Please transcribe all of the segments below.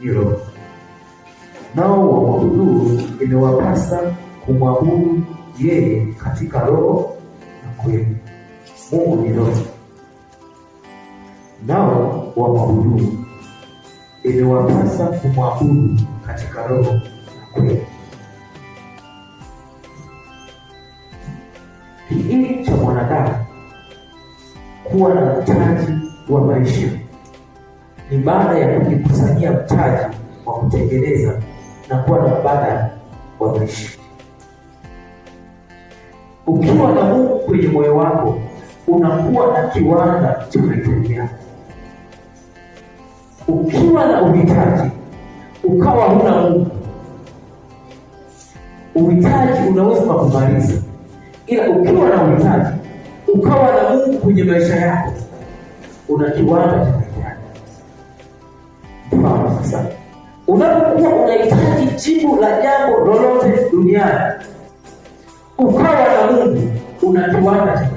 hilo. Nao wamwabuduo imewapasa kumwabudu yeye katika roho na kweli. Mungu ni roho, nao wamwabuduo imewapasa kumwabudu katika roho na kweli. Kiini cha mwanadamu kuwa na mtaji wa maisha ni baada ya kujikusanyia mtaji wa kutengeneza na kuwa na mbadala wa mwisho. Ukiwa na Mungu kwenye moyo wako, unakuwa na kiwanda cha mahitaji yako. Ukiwa na uhitaji ukawa huna Mungu, uhitaji unaweza kukumaliza, ila ukiwa na uhitaji ukawa na Mungu kwenye maisha yako, una kiwanda sasa unapokuwa unahitaji jibu la jambo lolote duniani, ukawa na Mungu una kiwanda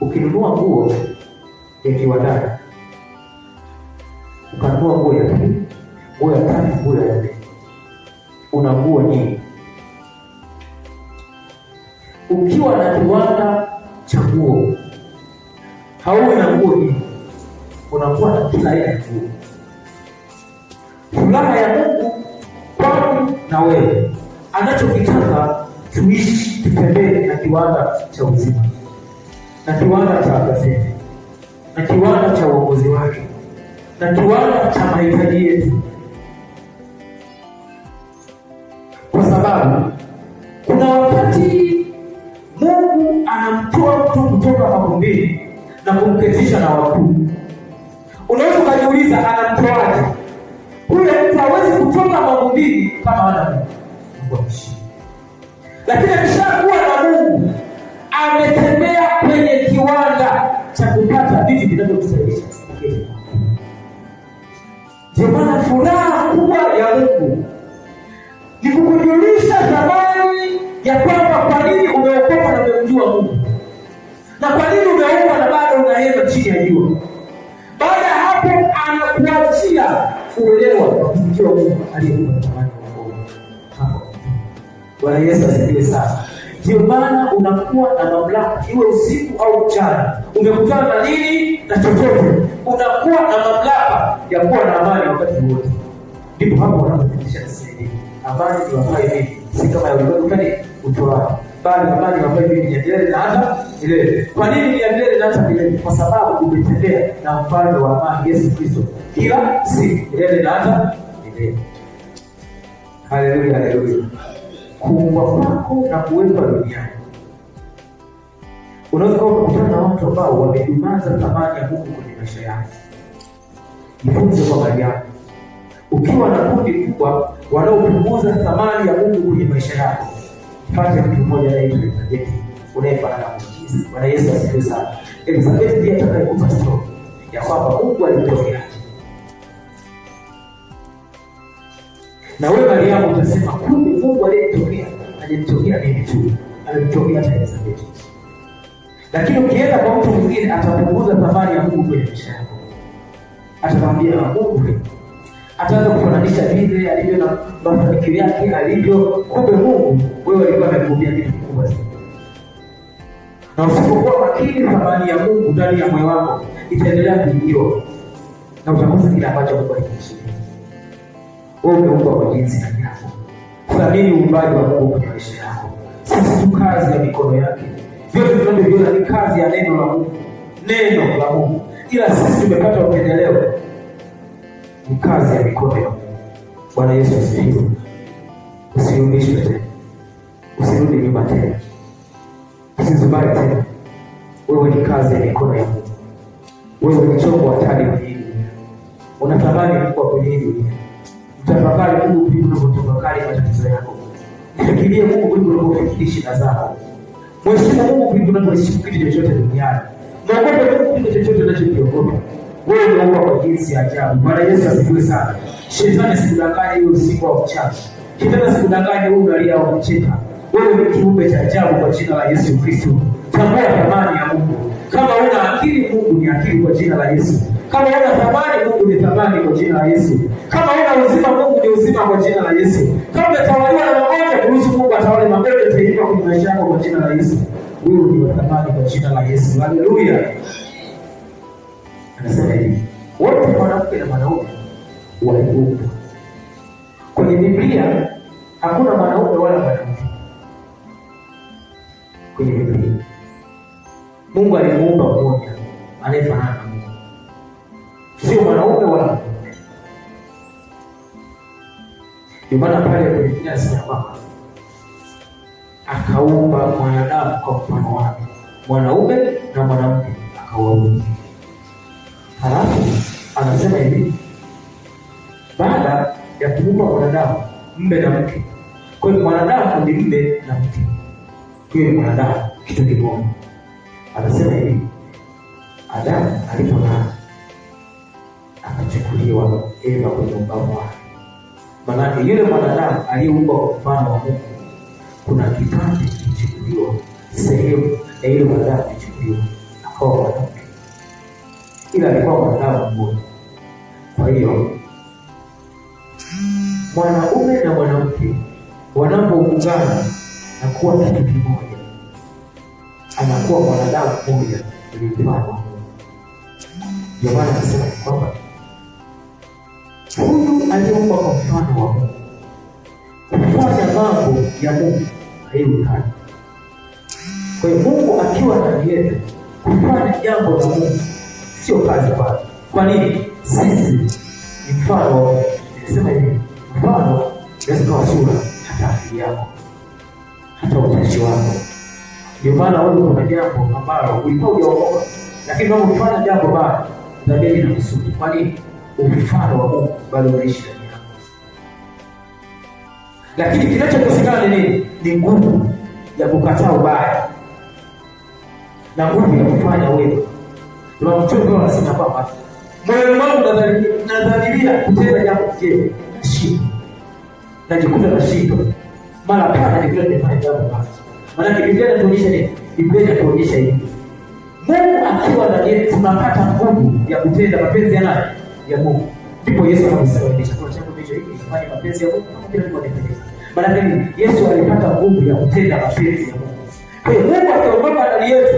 Ukinunua nguo ya kiwandani, ukanunua nguo ya pili, nguo ya tatu, nguo ya nne, una nguo nyingi. Ukiwa na kiwanda cha nguo, hauwe na nguo nyingi unakuwa na kila aina furaha ya Mungu kwani na wewe anachokitaka tuishi, tutembee na kiwanda cha uzima na kiwanda cha gazeti na kiwanda cha uongozi wake na kiwanda cha mahitaji yetu, kwa sababu kuna wakati Mungu anamtoa mtu kutoka makumbini na kumketisha na wakuu Unaweza ukajiuliza anamtoaje? Huyo mtu hawezi kutoka mbili kama ana Mungu amshii, lakini akishakuwa na Mungu ametembea kwenye kiwanda cha kupata vitu vinavyotusaidia. Ndio maana furaha kubwa ya Mungu ni kukujulisha thamani ya kwamba kuelewa kupitia Mungu aliyekuwa Bwana Yesu asifiwe sana. Ndio maana unakuwa na mamlaka, iwe usiku au mchana, umekutana na nini na chochote, unakuwa na mamlaka ya kuwa na amani wakati wote. Ndipo hapo unapopitisha amani, ni wafai si kama ya ulimwengu yaani utoao bali habari mapeli ni Nyerere na hata milele. Kwa nini ni Nyerere na hata milele? Kwa sababu umetembea na mfalme wa amani Yesu Kristo kila siku, milele na hata milele. Haleluya, haleluya. Kuumbwa kwako na kuwekwa duniani, unaweza kuwa kukutana na watu ambao wamedumaza thamani ya Mungu kwenye maisha yako. Jifunze kwa mali yako, ukiwa na kundi kubwa wanaopunguza thamani ya Mungu kwenye maisha yako pate mtu mmoja anaitwa Elizabeth unayefanana na Yesu. Bwana Yesu asifiwe sana. Elizabeth ndiye atakayekupa story ya kwamba Mungu alitokea na wewe Mariamu utasema kumbe Mungu aliyemtokea alimtokea mimi tu, alimtokea hata Elizabeth. Lakini ukienda kwa mtu mwingine atapunguza thamani ya Mungu kwenye maisha yako, atakwambia Mungu ataanza kufananisha vile alivyo na mafanikio yake alivyo. Kumbe Mungu wewe alikuwa anakuambia kitu kikubwa sana, na usipokuwa makini, thamani ya Mungu ndani ya moyo wako itaendelea kuibiwa na utakosa kile ambacho Mungu alikusudia. Wewe umeumbwa kwa jinsi na yako, thamini uumbaji wa Mungu kwa maisha yako. Sisi tu kazi ya mikono yake, vyote tunavyoviona ni kazi ya neno la Mungu, neno la Mungu, ila sisi tumepata upendeleo ni kazi ya mikono ya Mungu. Bwana Yesu asifiwe. Usiumishwe tena, usirudi nyuma tena, usizubari tena. Wewe ni kazi ya mikono ya Mungu. Wewe ni chombo hatari kwenye hii dunia, unatamani kuwa kwenye hii dunia. Mtafakari Mungu kuliko unavyotafakari matatizo yako. Fikirie Mungu kuliko unavyofikiri shida zako. Mheshimu Mungu kuliko unavyoheshimu kitu chochote duniani. Mwogope Mungu kuliko chochote unachokiogopa wewe unaua kwa jinsi ya ajabu. Bwana Yesu asifiwe sana. Shetani asikudanganye huo usiku wa uchafu. Shetani asikudanganye huo unalia au kucheka. Wewe ni kiumbe cha ajabu kwa jina la Yesu Kristo. Tambua thamani ya Mungu. Kama una akili, Mungu ni akili kwa jina la Yesu. Kama una thamani, Mungu ni thamani kwa jina la Yesu. Kama una uzima, Mungu ni uzima kwa jina la Yesu. Kama umetawaliwa na magonjwa, kuruhusu Mungu atawale magonjwa tayari kwa maisha yako kwa jina la Yesu. Wewe ni wa thamani kwa jina la Yesu. Haleluya anasema hivi, wote mwanamke na mwanaume waliumbwa. Kwenye Biblia hakuna mwanaume wala mwanamke kwenye Biblia. Mungu alimuumba mmoja anayefanana na Mungu, sio mwanaume wala ndio maana pale kwenye Biblia anasema kwamba akaumba mwanadamu kwa mfano wake, mwanaume na mwanamke akawaumba. Halafu anasema hivi, baada ya kuumba mwanadamu mme na mke. Kwa hiyo mwanadamu ni mme na mke, kwa hiyo mwanadamu, kitu kimoja. Anasema hivi, Adamu alipolala akachukuliwa Eva kwenye ubavu wake. Maanake yule mwanadamu aliyeumbwa kwa mfano wa Mungu, kuna kipande kichukuliwa sehemu ya yule mwanadamu kichukuliwa akawa ila alikuwa mwanao mmoja. Kwa hiyo mwanaume na mwanamke wanapoungana na kuwa kitu kimoja, anakuwa mwanadamu mmoja mfano. Ndio maana anasema kwamba huyu aliyeumbwa kwa mfano wa Mungu kufanya mambo ya Mungu haiwezekani. Kwa hiyo Mungu akiwa ndani yetu kufanya jambo la Mungu sio kazi bwana. Kwa nini? Sisi ni mfano, nimesema hivi, mfano unaweza kuwa sura, hata afili yako, hata utashi wako. Ndio maana wewe kuna jambo ambalo ulikuwa hujaokoka, lakini wewe ukifanya jambo baya, tabia na kusudi. Kwa nini? Umfano wa Mungu bado unaishi ndani yako. Lakini kinachokosekana ni nini? Ni nguvu ya kukataa ubaya na nguvu ya kufanya wema. Tunamchoka na sina kwamba moyo wangu nadhalilia kutenda jambo jema, nashindwa, najikuta nashindwa, mara pia najikuta nimefanya jambo basi. Maanake Biblia inatuonyesha nini? Biblia inatuonyesha hivi, Mungu akiwa ndani yetu tunapata nguvu ya kutenda mapenzi ya nani? Ya Mungu. Ndipo Yesu alisababisha kwa chanzo hicho hiki kufanya mapenzi ya Mungu kama kile alichotenda. Maana Yesu alipata nguvu ya kutenda mapenzi ya Mungu. Kwa hiyo Mungu akiondoka ndani yetu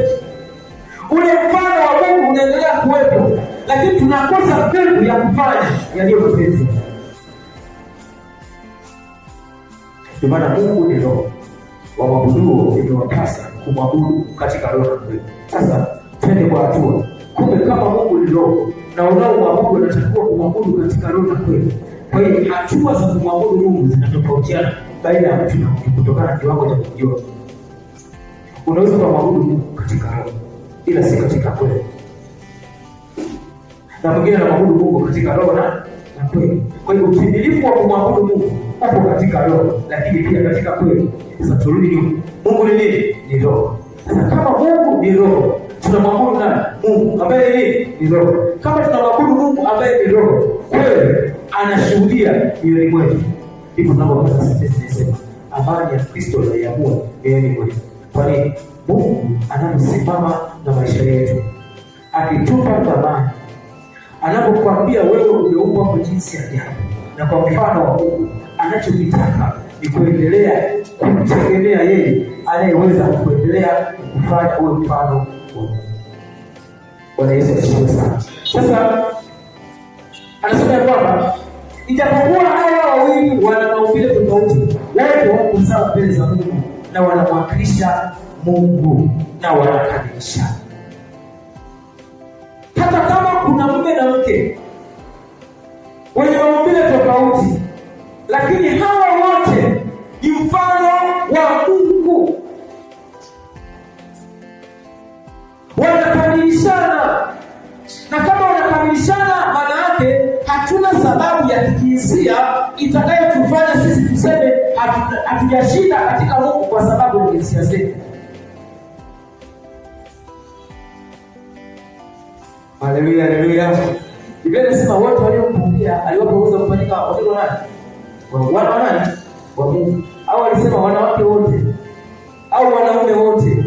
ule mfano wa Mungu unaendelea kuwepo, lakini tunakosa nguvu ya kufanya yaliyo mepesi. Ndio maana Mungu ni roho, wamwabuduo imewapasa kumwabudu katika roho na kweli. Sasa twende kwa hatua. Kumbe kama Mungu ni roho na unaomwabudu unatakiwa kumwabudu katika roho na kweli. Kwa hiyo hatua za kumwabudu Mungu zinatofautiana baina ya mtu na mtu kutokana na kiwango cha kujua. Unaweza kumwabudu Mungu katika roho ila si katika kweli, na mwingine anamwabudu Mungu katika roho na kweli. Kwa hiyo utimilifu wa kumwabudu Mungu upo katika roho, lakini pia katika kweli. Sasa turudi nyuma, Mungu ni nini? Ni roho. Sasa kama Mungu ni roho, tunamwabudu nani? Mungu ambaye nini? Ni roho. Kama tunamwabudu Mungu ambaye ni roho, kweli anashuhudia mioyoni mwetu. Hivyo tunavyopata sisi tunasema amani ya Kristo na inaiamua mioyoni mwetu. Kwa nini? Mungu anamsimama na maisha yetu, akitupa thamani anapokuambia wewe umeumbwa kwa jinsi ya ajabu na kwa mfano wa Mungu. Anachokitaka ni kuendelea kumtegemea yeye anayeweza kuendelea kufanya uwe mfano wa Mungu. Bwana Yesu asifiwe sana. Sasa anasema ya kwamba ijapokuwa hawa wawili wana maumbile tofauti, wote wako sawa mbele za Mungu na wanamwakilisha Mungu na wanakamilishana. Hata kama kuna mume na mke wenye maumbile tofauti, lakini hawa wote ni mfano wa Mungu, wanakamilishana. Na kama wanakamilishana, maana yake hatuna sababu ya kijinsia itakayotufanya sisi tuseme hatujashinda katika Mungu kwa sababu ya jinsia zetu. Haleluya, haleluya. Biblia inasema wote waliompumbia aliwapa uwezo kufanyika watoto nani? Wana wa nani? Wa Mungu. Au alisema wanawake wote au wanaume wote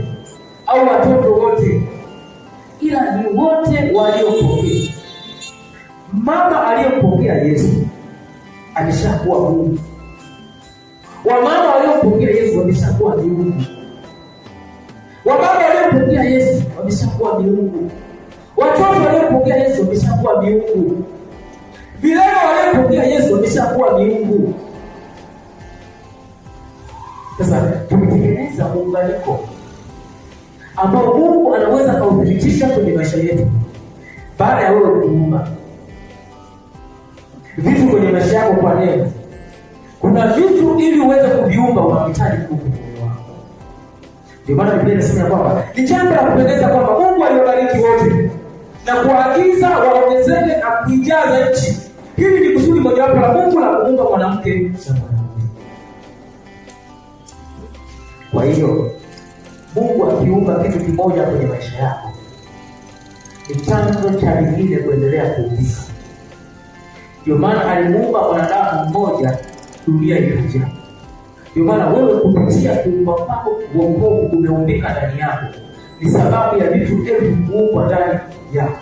au watoto wote, ila ni wote waliompokea. Mama aliyompokea Yesu ameshakuwa Mungu. Wamama waliompokea Yesu wameshakuwa miungu. Wababa waliompokea Yesu wameshakuwa miungu. Watoto waliopokea Yesu wameshakuwa miungu. Vilema waliopokea Yesu wameshakuwa miungu. Sasa tumetengeneza muunganiko ambao Mungu anaweza akauthibitisha kwenye maisha yetu baada ya wewe kuumba vitu kwenye maisha yako kwa neno. Kuna vitu ili uweze kuviumba unahitaji Mungu Ndio maana Biblia inasema kwamba ni jambo la kupendeza kwamba Mungu aliobariki wote na kuagiza waongezeke na kuijaza nchi. Hili ni kusudi mojawapo la Mungu la kuumba mwanamke. Kwa hiyo Mungu akiumba kitu kimoja kwenye maisha yako ni chanzo cha lingine kuendelea kuumbika. Ndio maana alimuumba mwanadamu mmoja, dunia ikaja. Ndio maana wewe kupitia kuumba kwako, wokovu umeumbika ndani yako ni sababu ya vitu elfu kuumbwa ndani yako.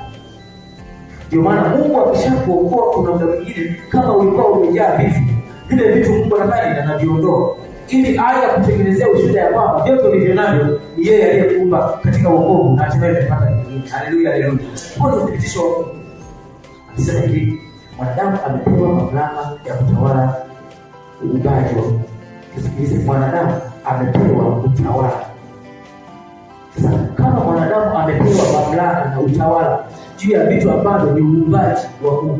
Ndio maana Mungu akishakuokoa, kuna muda mwingine kama ulikuwa umejaa vitu vile, vitu Mungu anafanya anaviondoa, ili aya kutengenezea ushuhuda ya kwamba vyote ulivyo navyo ni yeye aliyekuumba katika wokovu na hatimaye umepata nini. Haleluya, haleluya! Kwa nini uthibitisho wa Mungu. Anasema hivi, mwanadamu amepewa mamlaka ya kutawala uumbaji wa Mungu. Mwanadamu amepewa utawala sasa kama mwanadamu amepewa mamlaka na utawala juu ya vitu ambavyo ni uumbaji wa Mungu,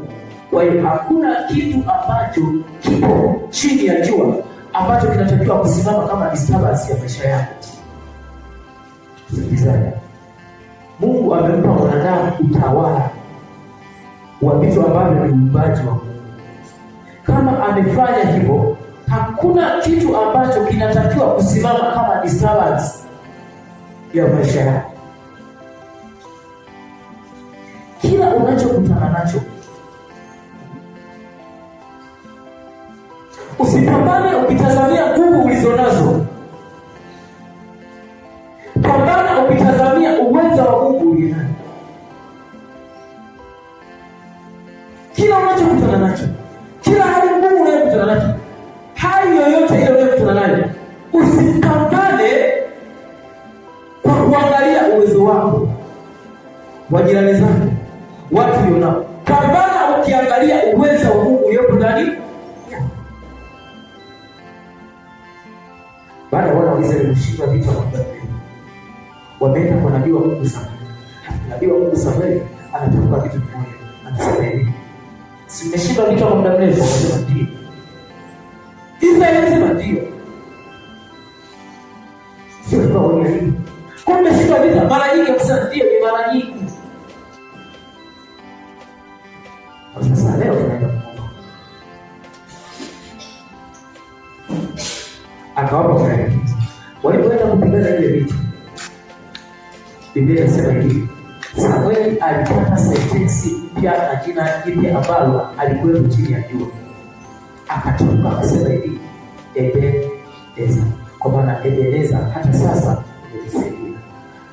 kwa hiyo hakuna kitu ambacho kipo chini ya jua ambacho kinatakiwa kusimama kama disturbance ya maisha yako. Sikilizana, Mungu amempa mwanadamu utawala wa vitu ambavyo ni uumbaji wa Mungu. Kama amefanya hivyo, hakuna kitu ambacho kinatakiwa kusimama kama disturbance ya maisha yako. Kila unachokutana nacho usipambane ukitazamia nguvu nazo pambana ukitazamia uwezo wa Mungu ulionayo. Kila unachokutana nacho wa jirani zako, watu ulionao. Pambana ukiangalia uweza wa Mungu uliopo ndani. Baada ya wana wa Israeli kushinda vita wa Babeli, wameenda kwa nabii wa Mungu Samweli. Nabii wa Mungu Samweli anatamka kitu kimoja, anasema hivi, si mmeshinda vita kwa muda mrefu? Anasema ndio. Israeli anasema ndio. Sio kwa wengine. Kumbe shinda vita mara nyingi, kusema ndio ni mara nyingi Biblia sema hivi, Samueli alipata sentensi mpya na jina jipya ambalo alikuwepo chini ya jua, akatoka akasema hivi Ebeneza, kwa maana Ebeneza hata sasa imenisaidia.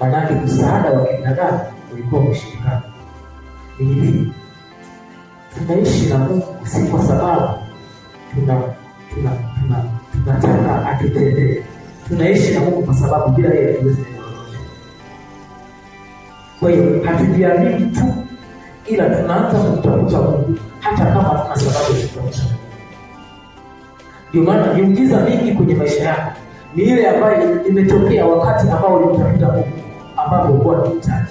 Maanake msaada wa kibinadamu ulikuwa umeshindikana. hivi, tunaishi na Mungu si kwa sababu tuna tunataka atutendee, tunaishi na Mungu kwa sababu bila yeye hatuwezi kwa hiyo hatujiamini tu, ila tunaanza kumtafuta Mungu hata kama tuna sababu ya kumtafuta. Ndio maana miujiza mingi kwenye maisha yako ni ile ambayo imetokea wakati ambao ulimtafuta Mungu, ambapo ulikuwa unahitaji.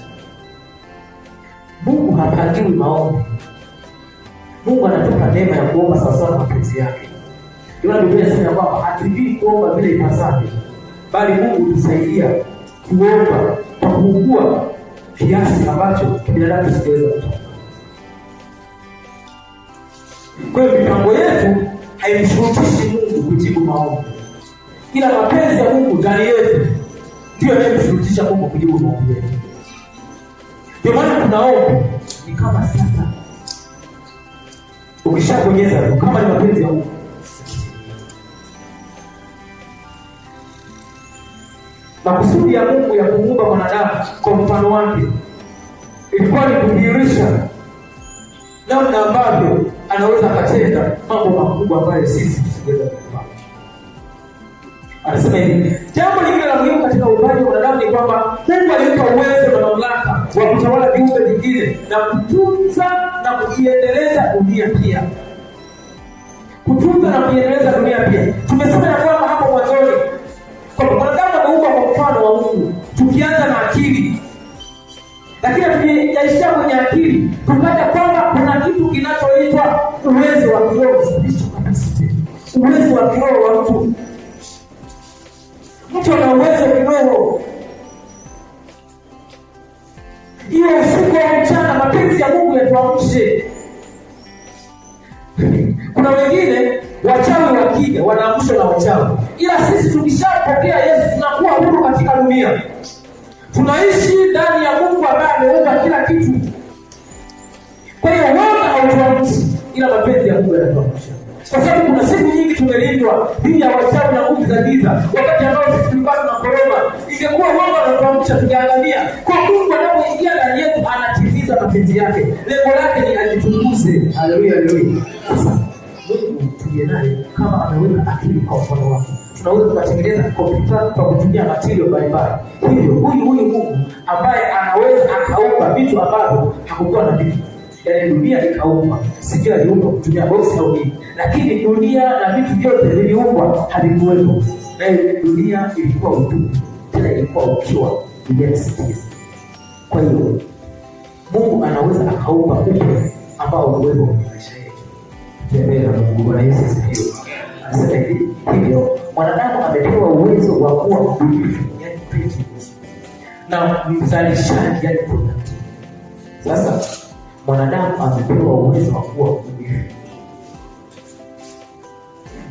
Mungu. Hapangiwi maombi, Mungu anatupa neema ya kuomba sawasawa na mapenzi yake. Ndio maana Biblia inasema kwamba hatujui kuomba vile ipasavyo, bali Mungu hutusaidia kuomba kwa kuugua kiasi ambacho kibinadamu kisiweza kutoka. Kwa hiyo mipango yetu haimshurutishi Mungu kujibu maombi, ila mapenzi ya Mungu ndani yetu ndiyo yanayomshurutisha Mungu kujibu maombi yetu. Ndiyo maana tunaomba ni kama sasa, ukishabonyeza kama ni mapenzi ya Mungu Makusudi ya Mungu ya kumuumba mwanadamu kwa mfano wake ilikuwa ni kudhihirisha namna ambavyo anaweza akatenda mambo makubwa ambayo sisi tusiweza kufanya. Anasema hivi, jambo lingine la muhimu katika uumbaji wa mwanadamu ni kwamba Mungu alimpa uwezo na mamlaka wa kutawala viumbe vingine na kutunza na kuiendeleza dunia pia, kutunza na kuiendeleza dunia pia. Tumesema ya kwamba lakini hatujaishia kwenye akili tupate kwamba kuna kitu kinachoitwa uwezo wa kiroho uwezo wa kiroho wa mtu mtu ana uwezo kiroho hiyo usiku wa mchana mapenzi ya Mungu yatuamshe kuna wengine wachawi kike wanaamshwa na wachawi ila sisi tukishapokea Yesu tunakuwa huru katika dunia Tunaishi ndani ya Mungu ambaye ameumba kila kitu. Kwa hiyo wala hautuamshi ila mapenzi ya Mungu yanatuamsha. Kwa sababu kuna siku nyingi tumelindwa dhidi ya wachawi na nguvu za giza, wakati ambao sisi tulikuwa tunakoroma. Ingekuwa wao wanatuamsha tungeangamia. Kwa Mungu anapoingia ndani yetu anatimiza mapenzi yake. Lengo lake ni ajitunguze. Haleluya, haleluya. Mungu tuje naye kama ameweka akili kwa mfano wake tunaweza tukatengeneza kompyuta kwa kutumia material mbalimbali. Hivyo huyu huyu Mungu ambaye anaweza akaumba vitu ambavyo hakukuwa na vitu, yaani dunia ikaumba, sijui aliumba kutumia boksi au nini, lakini dunia na vitu vyote viliumbwa havikuwepo, naye yaani dunia ilikuwa utupu, tena ilikuwa ukiwa imesitiza. Kwa hiyo Mungu anaweza akaumba upya ambao uwepo kwenye maisha yetu. Tembea na Mungu. Bwana Yesu asifiwe. Asante. hivi hivyo mwanadamu amepewa uwezo wa kuwa mbunifu, yani creativeness, na mzalishaji, yani productive. Sasa mwanadamu amepewa uwezo wa kuwa mbunifu,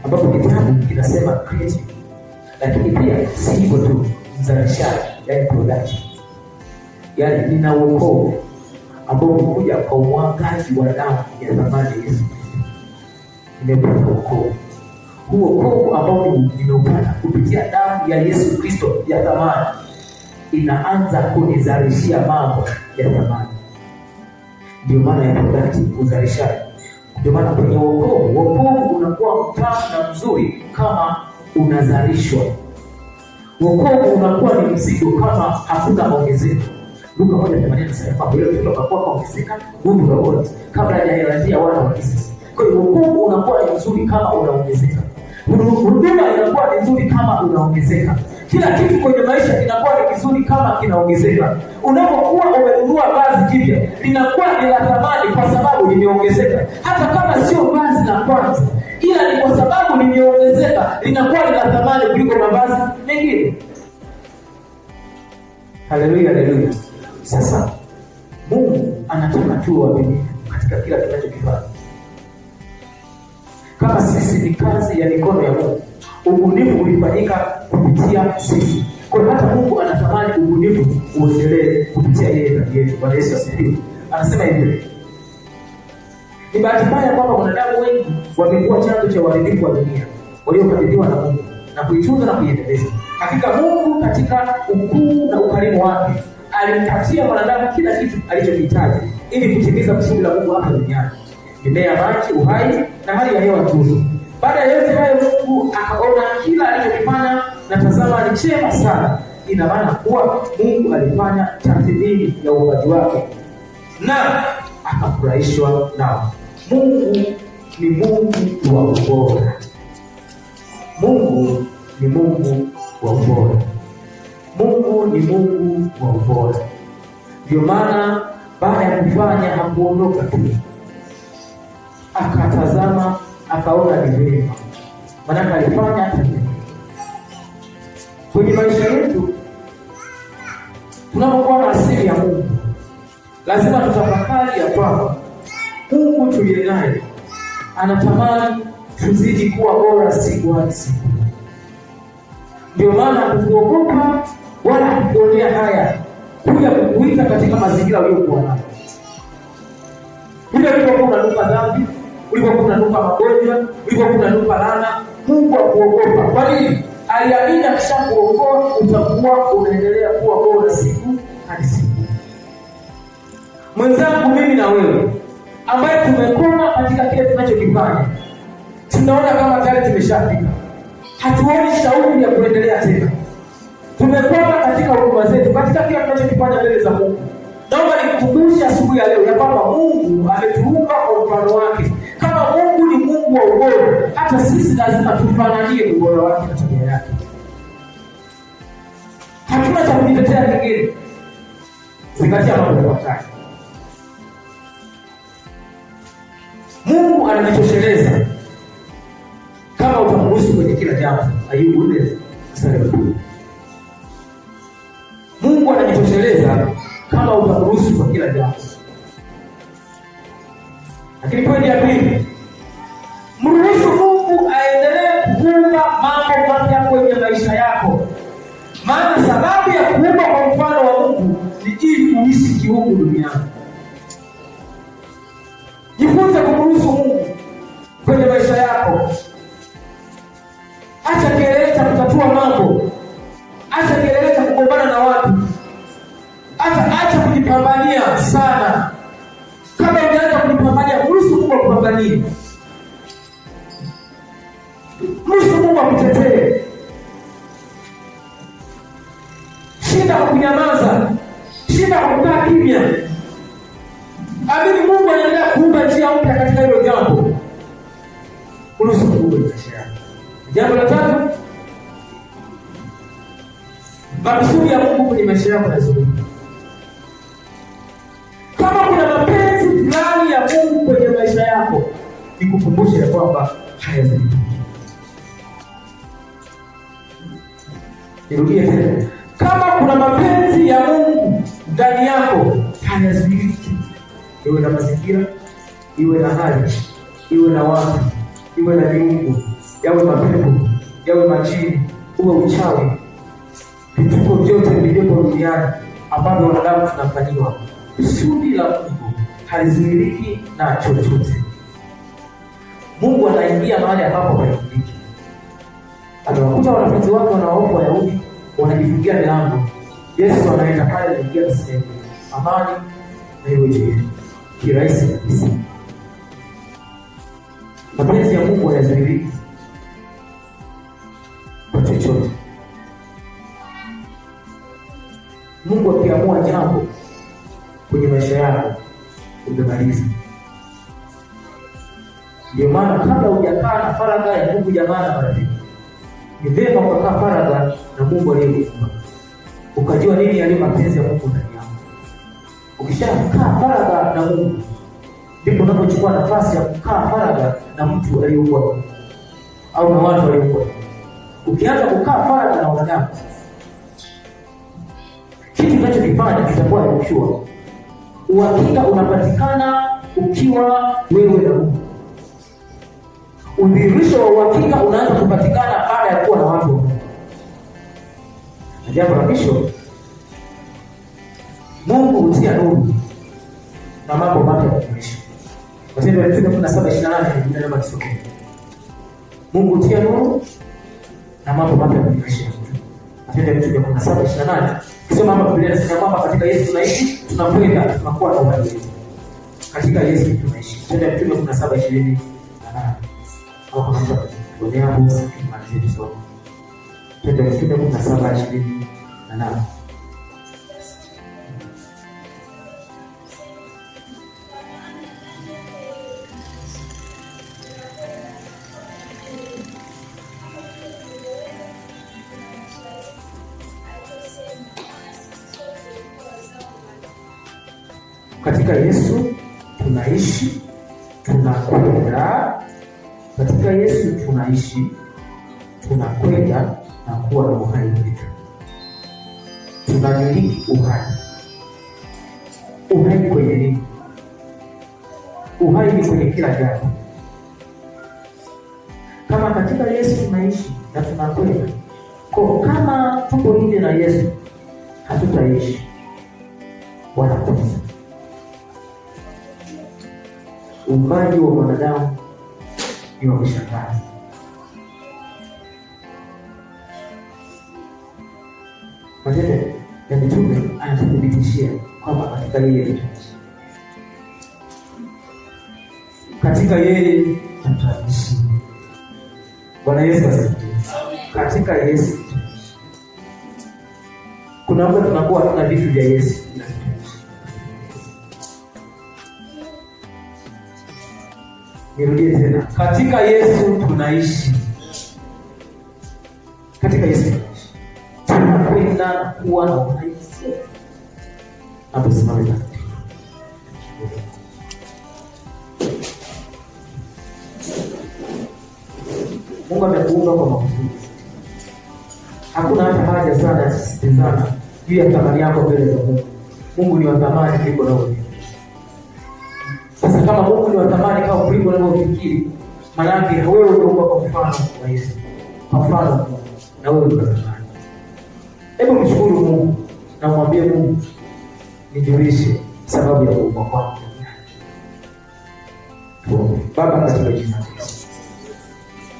ambapo kitabu kinasema creative, lakini pia si hivyo tu, mzalishaji, yani production, yani nina uokovu ambao umekuja kwa uangazi wa damu ya thamani Yesu, nimepata uokovu huo kovu ambao nimeupata kupitia damu ya Yesu Kristo ya thamani inaanza kunizalishia mambo ya thamani. Ndio maana ya product uzalishaji. Ndio maana kwenye wokovu, wokovu unakuwa mtamu na mzuri kama unazalishwa. Wokovu unakuwa ni mzigo kama hakuna ongezeko. Luka moja themanini anasema kwamba wote kabla hajaelezea wana wa Kisisi. Kwa hiyo wokovu unakuwa ni mzuri kama unaongezeka huduma inakuwa ni nzuri kama unaongezeka. Kila kitu kwenye maisha kinakuwa ni kizuri kama kinaongezeka. Unapokuwa umenunua vazi jipya, linakuwa ni la thamani kwa sababu limeongezeka, hata kama sio vazi la kwanza, ila ni kwa sababu limeongezeka, linakuwa ni la thamani kuliko mavazi mengine. Haleluya, haleluya. Sasa Mungu anatuma tu wapi katika kila kinachokifana ni kazi ya mikono ya Mungu. Ubunifu ulifanyika kupitia sisi. Kwa hiyo hata Mungu anatamani ubunifu uendelee kupitia yeye ndani yetu. Bwana Yesu asifiwe. Anasema hivi. Ni bahati mbaya kwamba wanadamu wengi wamekuwa chanzo cha uharibifu wa dunia waliokabidhiwa na Mungu na kuitunza na kuiendeleza. Hakika Mungu katika ukuu na ukarimu wake alimpatia mwanadamu kila kitu alichokihitaji ili kutimiza kusudi la Mungu hapa duniani: mimea, maji, uhai na hali ya hewa nzuri. Baada ya yote hayo, Mungu akaona kila alichokifanya na tazama, ni chema sana. Ina maana kuwa Mungu alifanya tathmini ya uumbaji wake na akafurahishwa nao. Mungu ni Mungu wa ubora. Mungu ni Mungu wa ubora. Mungu ni Mungu wa ubora. Ndio maana baada ya kufanya hakuondoka tu, akatazama akaona ni vema, maanake alifanya kwenye maisha yetu. Tunapokuwa na asili ya Mungu, lazima tutafakari ya kwamba Mungu tuliye naye anatamani tuzidi kuwa bora siku hadi siku. Ndio maana kukuogopa wala kukuonea haya kuja kukuita katika mazingira uliyokuwa nayo. Ile uliokuwa unanuka dhambi kuliko kunanupa magonjwa, kuliko kunanupa laana. Mungu akuogopa. Kwa nini? Aliamini akishakuokoa utakuwa unaendelea kuwa bora siku hadi siku. Mwenzangu, mimi na wewe ambaye tumekoma katika kile tunachokifanya, tunaona kama tayari tumeshafika, hatuoni shauku ya kuendelea tena. Tumekoma katika huduma zetu, katika kile tunachokifanya mbele za Mungu. Naomba nikukumbushe asubuhi ya leo ya kwamba Mungu ametuumba kwa mfano wake. Kama Mungu ni Mungu wa ubora, hata sisi lazima tufananie ubora wake na tabia yake. Hatuna cha kujitetea kingine. Zingatia mambo yafuatayo. Mungu anajitosheleza kama utamruhusu kwenye kila jambo. Ayubu nne mstari wa Mungu anajitosheleza kama utamruhusu kwa kila jambo. Lakini pointi ya pili, mruhusu Mungu aendelee kuumba mambo mapya kwenye maisha yako, maana sababu ya kuumba kwa mfano wa Mungu ni ili uhisi kiungu duniani. hii. Mtu Mungu akutetee Shinda kunyamaza, shinda kukaa kimya. Amini Mungu anaendelea kuumba njia mpya katika hilo jambo. Unasukuma maisha yako. Jambo la tatu, makusudi ya Mungu kwenye maisha yako yazungumza tukumbushe ya kwamba hawezekani. Nirudie tena, kama kuna mapenzi ya Mungu ndani yako hayazuiliki, iwe na mazingira, iwe na hali, iwe na watu, iwe na viungo, yawe mapepo, yawe majini, uwe uchawi, vituko vyote vilivyopo duniani ambavyo wanadamu tunafanyiwa, kusudi la Mungu halizuiliki na chochote. Mungu anaingia mahali ambapo paifundiki. Atawakuta wanafunzi wake wanaofu Wayahudi wanajifungia milango. Yesu anaenda pale naingia msehemu amani na iwe kirahisi kabisa. Mapenzi ya Mungu hayazuiliki kwa chochote. Mungu akiamua jambo kwenye maisha yako umemaliza. Ndio maana kabla hujakaa na faragha ya Mungu jamaa na marafiki, ni vyema ukakaa faragha na Mungu aliyekuumba, ukajua nini yaliyo mapenzi ya Mungu ndani yako. Ukishakaa faragha na Mungu, ndipo unapochukua nafasi ya kukaa faragha na mtu aliyeumbwa au na watu waliokuwa. Ukianza kukaa faragha na wanadamu, kitu kinachokifanya kitakuwa kushua. Uhakika unapatikana ukiwa wewe na Mungu. Udhihirisho wa uhakika unaanza kupatikana baada ya kuwa na watu wa Na jambo la mwisho, Mungu hutia nuru na mambo mapya kufundisha. Matendo ya Mitume 17:28 ndio namba kisomo. Mungu hutia nuru na mambo mapya kufundisha. Matendo ya hapa Biblia inasema kwamba katika Yesu tunaishi, tunakwenda, tunakuwa na Katika Yesu tunaishi. Matendo ya kwanza uliambo tukimalize somo. Twende Wafilipi kumi na saba ishirini na nane. Katika Yesu tunaishi, tunakula Katika Yesu tunaishi, tunakwenda na kuwa na uhai wetu, tunamiliki uhai. Uhai kwenye nini? Uhai ni kwenye kila jambo. Kama katika Yesu tunaishi na tunakwenda ko, kama tuko nje na Yesu hatutaishi wala kufa. Uumbaji wa mwanadamu iwa kushangaza. Matendo ya Mitume anatuthibitishia kwamba katika yeye katika yeye tutaishi. Bwana Yesu asifiwe. Katika Yesu Kuna muda tunakuwa hatuna vitu vya Yesu Nirudie tena, katika Yesu tunaishi, katika Yesu tunakwenda kuwa na urahisi. Naposimama Mungu amekuumba kwa makusudi, hakuna hata haja sana ya kusisitizana juu ya thamani yako mbele za Mungu. Mungu ni wa thamani kuliko nawe. Sasa kama Mungu ni watamani thamani kama ulivyo unavyofikiri, maana yake wewe umeumbwa kwa mfano wa Yesu, kwa mfano na wewe ni wa thamani. Hebu mshukuru Mungu na mwambie Mungu, nijulishe sababu ya kuumba kwako. Baba, katika jina la Yesu,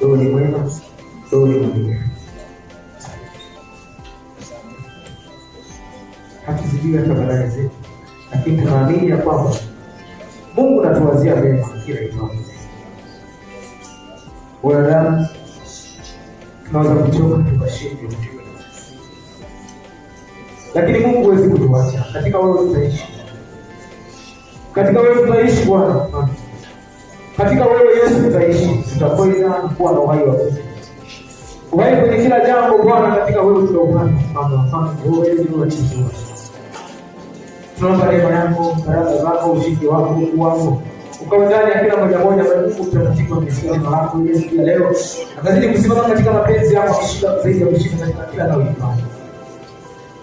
wewe ni mwema, wewe ni mwema. Hatuzijui hata baraka zetu, lakini tunaamini ya kwamba Mungu natuwazia mema kila itoke. Wanadamu tunaweza kuchoka tukashindwa, lakini Mungu hawezi kutuacha. Katika wewe tutaishi, katika wewe tutaishi Bwana, katika wewe Yesu tutaishi, tutakwenda kuwa na uhai wa uhai kwenye kila jambo Bwana, katika wewe tutaupata mfano wafano wewe ni wa Tunaomba neema yako, baraka zako, ushindi wako, Mungu wako ukawe ndani ya kila mmoja moja, bali Mungu mtakatifu amesikia neno lako Yesu ya leo, akazidi kusimama katika mapenzi yako, akishika zaidi ya kushinda katika kila nalo ifanya.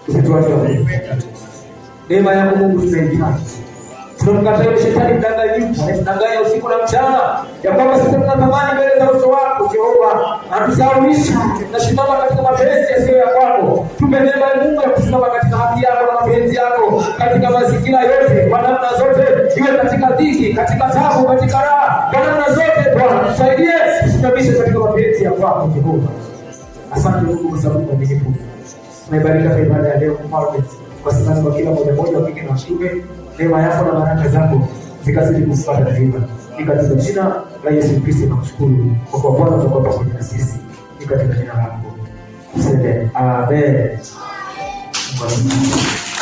usitoe wa yako Mungu tunahitaji. Tunamkataa shetani mdanganyifu, anatudanganya usiku na mchana, ya kwamba sisi tunatamani mbele za uso wako Jehova, atusawishi na simama katika mapenzi yasiyo ya kwako. Tupe neema ya Mungu ya kusimama katika haki yako na mapenzi yako katika mazingira yote, kwa namna zote, iwe katika dhiki, katika taabu, katika raha, kwa namna zote Bwana tusaidie, tusimamishe katika mapenzi ya kwako Jehova. Asante Mungu kwa sababu ya umenipa. kwa ibada ya leo Mfalme, kwa sababu kwa kila mmoja mmoja wa kike na wa kiume neema yako na baraka zako zikazidi kufuata daima. Ni katika jina la Yesu Kristo nakushukuru kwa kuwa Bwana utakuwa pamoja na sisi, ni katika jina lako Amen. amen.